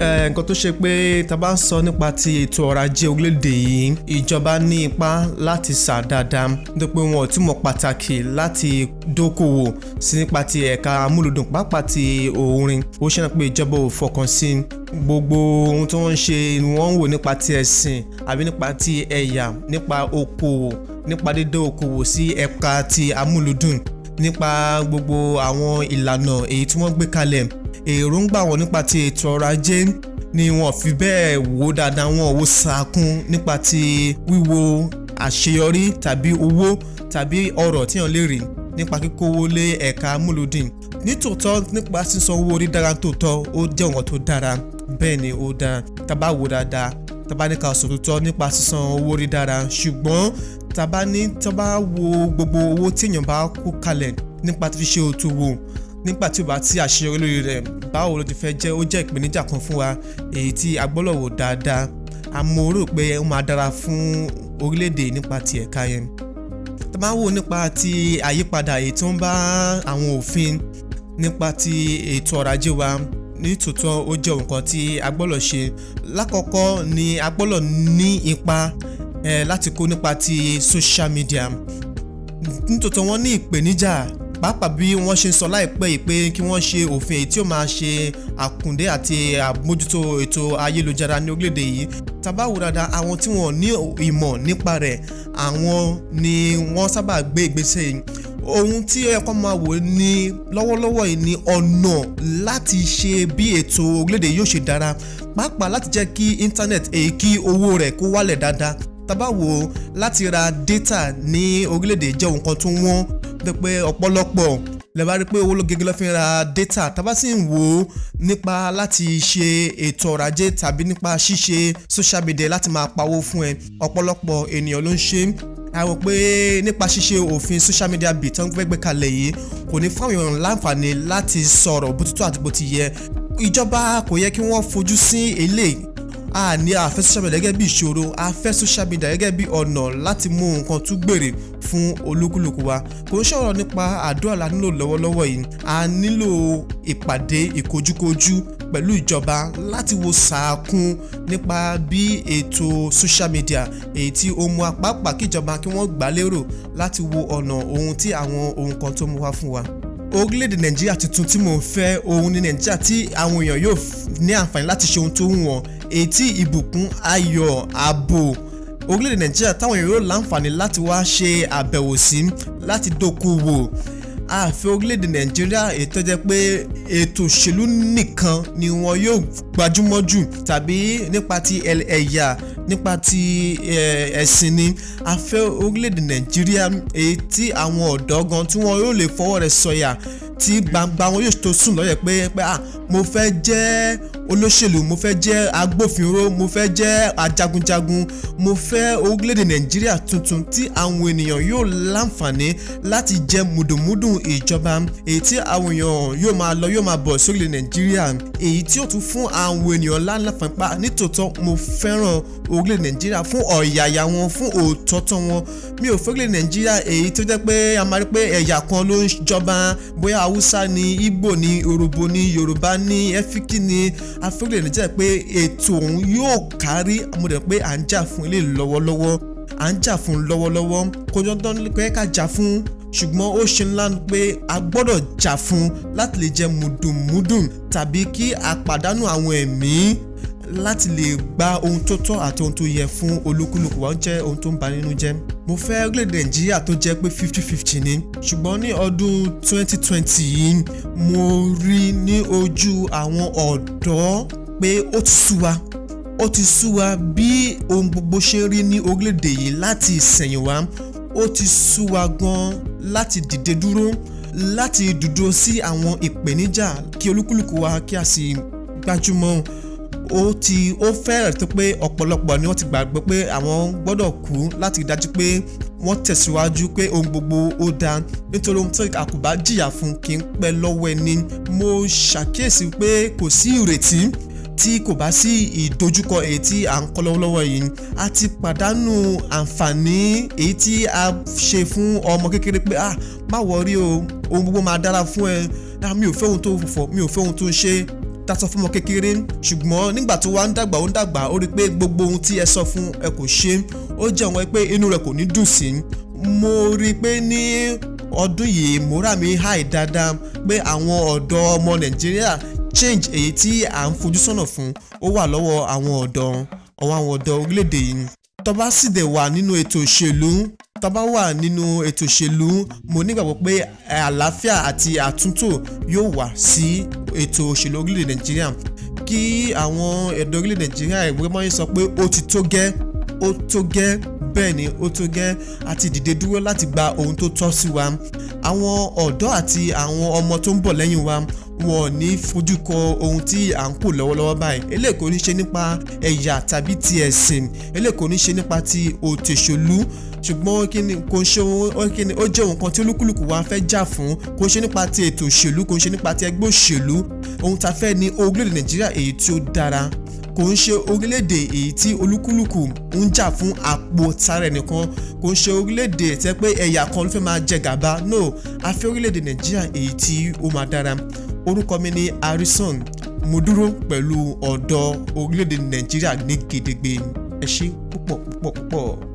Eh, nǹkan tó ṣe pé tá a bá ń sọ nípa ti ètò ọrọ̀ ajé orílẹ̀-èdè yìí ìjọba ní ipá láti sà dáadáa nítorí wọn ò túmọ̀ pàtàkì láti dókòwò sí nípa ti ẹ̀ka amúlùdùn pàápàá ti òórin ó ṣe náà pé ìjọba ò fọkàn sí gbogbo ohun tí wọ́n ń ṣe ni wọ́n ń wò nípa ti ẹ̀sìn àbí nípa ti ẹ̀yà nípa okòwò nípa dídá okòwò sí ẹ̀ka ti amúlùdùn nípa gbogbo àwọn ìlànà èyí tí wọ́n gbé kalẹ̀ èròǹgbà wọn nípa ti ètò ọrọ̀ ajé ni wọn fi bẹ́ẹ̀ wò dáadáa wọn ò sàkún nípa ti wíwo àṣeyọrí tàbí owó tàbí ọrọ̀ tíyan lè rìn nípa kíkówó lé ẹ̀ka amúlòdì nítòótọ́ nípa sísan owó orí dára tòótọ́ ó jẹ́ nǹkan tó dára bẹ́ẹ̀ ni ó dára tábà wò dáadáa tábà ní ká sòtútọ́ nípa sísan owó orí dára ṣùgbọ́n tábà ní tábà wo gbogbo owó tíyan bá kó kalẹ̀ nípa ti fi ṣe òtò wò nígbà tí o bá ti àṣeyọrí lórí rẹ̀ báwo ló ti fẹ́ jẹ́ ó jẹ́ ìpèníjà kan fún wa èyí tí a gbọ́dọ̀ wò dáadáa àmọ́ rò pé ó máa dára fún orílẹ̀-èdè nípa ti ẹ̀ka yẹn tá a bá wò nípa ti àyípadà èyí tó ń bá àwọn òfin nípa ti ètò ọrọ̀ ajé wa nítòótọ́ ó jẹ́ nǹkan tí a gbọ́dọ̀ ṣe lákọ̀ọ́kọ́ ni a gbọ́dọ̀ ní ipa eh, láti kó nípa ti social media nítòótọ́ wọ́n ní ìpèníjà pàápàá bí wọ́n ṣe sọ láìpẹ́ yìí pé kí wọ́n ṣe òfin èyí tí ó máa ṣe àkùndé àti àmójútó ètò ayélujára ní orílẹ̀-èdè yìí tabawo dada àwọn tí wọ́n ní ìmọ̀ nípa rẹ̀ àwọn ni wọ́n sábà gbé ìgbésẹ̀ yìí ohun tí ó yẹ kó máa wò ní lọ́wọ́lọ́wọ́ yìí ni ọ̀nà láti ṣe bí ètò orílẹ̀-èdè yóò ṣe dára pàápàá láti jẹ́ kí internet èyí kí owó rẹ̀ kó wálẹ̀ dáadáa tá láti ra data ní orílẹ̀-èdè jẹ́ nǹkan tó wọ́n tó pé ọ̀pọ̀lọpọ̀ lè bá rí pé owó gẹ́gẹ́ ló fi ń ra data tábà sì ń wò ó nípa láti ṣe ètò ọrọ̀ ajé tàbí nípa ṣíṣe social media láti máa pawó fún ẹ ọ̀pọ̀lọpọ̀ ènìyàn ló ń ṣe a rò pé nípa ṣíṣe òfin social media bíi tán gbẹgbẹ kalẹ̀ yìí kò ní fáwọn èèyàn láǹfààní láti sọ̀rọ̀ bó ti tọ́ àti bó ti yẹ ìjọba kò yẹ kí wọ́n fojú sí eléyìí a ní a fẹ́ social media gẹ́gẹ́ bí ìṣòro a fẹ́ social media gẹ́gẹ́ bí ọ̀nà láti mú nǹkan tún gbèrè fún olúkúlùkù wa kò ń ṣọ̀rọ̀ nípa àdúrà la nílò lọ́wọ́lọ́wọ́ yìí a nílò ìpàdé ìkojúkojú pẹ̀lú ìjọba láti wo sàákún nípa bí ètò social media èyí tí ó mú apápá kíjọba kí wọ́n gbà lérò láti wo ọ̀nà ohun tí àwọn ohun kan tó mú wá fún wa orílẹ̀-èdè nàìjíríà tuntun tí mò ń fẹ́ òun ni nàìjíríà tí àwọn èèyàn yóò ní àǹfààní láti ṣe ohun tó wù wọ́n èyí tí ìbùkún ayọ̀ ààbò orílẹ̀-èdè nàìjíríà táwọn èèyàn yóò láǹfààní láti wá ṣe àbẹ̀wò sí láti dókòwò ààfin orílẹ̀-èdè nàìjíríà ètò jẹ́ pé ètò òṣèlú nìkan ni wọn yóò gbajúmọ̀ jù tàbí nípa ti ẹ̀yà nípa ti ẹ̀sìn ni ààfin orílẹ̀-èdè nàìjíríà èyí tí àwọn ọ̀dọ́ gan tí wọn yóò lè fọwọ́ rẹ̀ sọ̀yà tí gbangba wọn yóò tó sùn lọ́yẹ̀ pé pé ah mo fẹ́ jẹ́ olóṣèlú mo fẹ́ jẹ́ agbófinró mo fẹ́ jẹ́ ajagunjagun mo fẹ́ orílẹ̀-èdè nàìjíríà tuntun tí àwọn ènìyàn yóò láǹfààní láti jẹ mùdùnmúdùn ìjọba èyí tí àwọn èèyàn yóò máa lọ yóò máa bọ̀ sórílẹ̀ nàìjíríà èyí tí ó tún fún àwọn ènìyàn láǹfààní pa nítòótọ́ mo fẹ́ràn orílẹ̀ nàìjíríà fún ọ̀yàyà wọn fún òótọ́tọ́ wọn mi ò fẹ́ orílẹ̀ nàìjíríà èyí tó jẹ́ pé a máa rí pé ẹ̀yà kan afẹ́lẹ́ Nàìjíríà pé ètò ọ̀hún yóò kárí mo dẹ̀ pé à ń jà fún ilé lọ́wọ́lọ́wọ́ à ń jà fún lọ́wọ́lọ́wọ́ kò jọ tán pé ká jà fún ṣùgbọ́n ó ṣe ńlá pé a gbọ́dọ̀ jà fún láti lè jẹ mùdùnmùdùn tàbí kí a pàdánù àwọn ẹ̀mí láti lè gba ohun tó tọ́ àti ohun tó yẹ fún olúkúlùkù wa ó jẹ́ ohun tó ń bà nínú jẹ́ mo fẹ́ orílẹ̀-èdè nàìjíríà tó jẹ́ pé fifty fifty ni ṣùgbọ́n ní ọdún twenty twenty yìí mo rí ní ojú àwọn ọ̀dọ́ pé ó ti sú wa ó ti sú wa bí ohun gbogbo ṣe rí ní orílẹ̀-èdè yìí láti ìsẹ̀yìnwá ó ti sú wa gan láti dìde dúró láti dúdú sí àwọn ìpèníjà kí olúkúlùkù wa kí a sì gbájúmọ́ ó ti ó fẹ́rẹ̀ tó pé ọ̀pọ̀lọpọ̀ ni wọ́n ti gbàgbọ́ pé àwọn gbọ́dọ̀ kú láti dájú pé wọ́n tẹ̀síwájú pé ohun gbogbo ó dáa nítorí ohun tí a jìyà fún kì í pẹ́ lọ́wọ́ ẹni mo ṣàkíyèsí pé kò sí ìrètí tí kò bá sí ìdojúkọ èyí tí à ń kọ́ lọ́wọ́lọ́wọ́ yìí a ti pàdánù àǹfààní èyí tí a ṣe fún ọmọ kékeré pé ah má wọrí o ohun gbogbo máa dára fún ẹ ah, mi ò fẹ́ ohun tó fọ̀ mi ò fẹ́ ohun tó ṣe ta sọ fún ọmọ kékeré ṣùgbọ́n nígbà tó wá ń dàgbà ó ń dàgbà ó rí i pé gbogbo ohun tí ẹ sọ fún ẹ kò ṣe ó jẹ́ àwọn pé inú rẹ̀ kò ní dùn sí mo rí i pé ní ọdún yìí mọ́ra mi háì dáadáa pé àwọn ọ̀dọ́ ọmọ Nàìjíríà change èyí tí à ń fojú sọ́nà fún ó wà lọ́wọ́ àwọn ọ̀dọ́ ọwọ́ àwọn ọ̀dọ́ orílẹ̀-èdè yìí tó bá sì dẹ̀ wà nínú ètò òṣèlú tó wà nínú ètò òṣèlú mo nígbàgbọ́ pé àlàáfíà àti àtúntò yóò wà sí ètò òṣèlú orílẹ̀-èdè nàìjíríà kí àwọn ẹ̀dọ́ orílẹ̀-èdè nàìjíríà ìwémọ́yé sọ pé ó ti tó gẹ́ ó tó gẹ́ bẹ́ẹ̀ ni ó tó gẹ́ àti dìde dúró láti gba ohun tó tọ́ sí wa àwọn ọ̀dọ́ àti àwọn ọmọ tó ń bọ̀ lẹ́yìn wa wọn ò ní fojú kọ ohun tí à ń kò lọ́wọ́lọ́wọ́ báyìí eléyìí kò ní ṣe nípa ẹ̀yà tàbí ti ẹ̀sìn eléyìí kò ní ṣe nípa ti òtẹ̀ṣolú ṣùgbọ́n kíni kò ń ṣe ohun kíni ó jẹ́ ohun kan tí olúkúlùkù wa fẹ́ jà fún kò ń ṣe nípa ti ètò òṣèlú kò ń ṣe nípa ti ẹgbẹ́ òṣèlú ohun tá a fẹ́ ní orílẹ̀-èdè nàìjíríà èyí tí ó dára kò ń ṣe orílẹ̀-èdè èyí tí olúkúlùkù ń jà fún àpò tara ẹnìkan kò ń ṣe orílẹ̀-èdè tẹ́ pé ẹ̀yà kan ló fẹ́ máa jẹ gàba no a fẹ́ orílẹ̀-èdè nàìjíríà èyí tí ó máa dára orúkọ mi ni Harrison mo dúró pẹ̀lú ọ̀dọ́ orílẹ̀-èdè nàìjíríà ní gedegbe ẹ ṣé púpọ̀ púpọ̀ púpọ̀.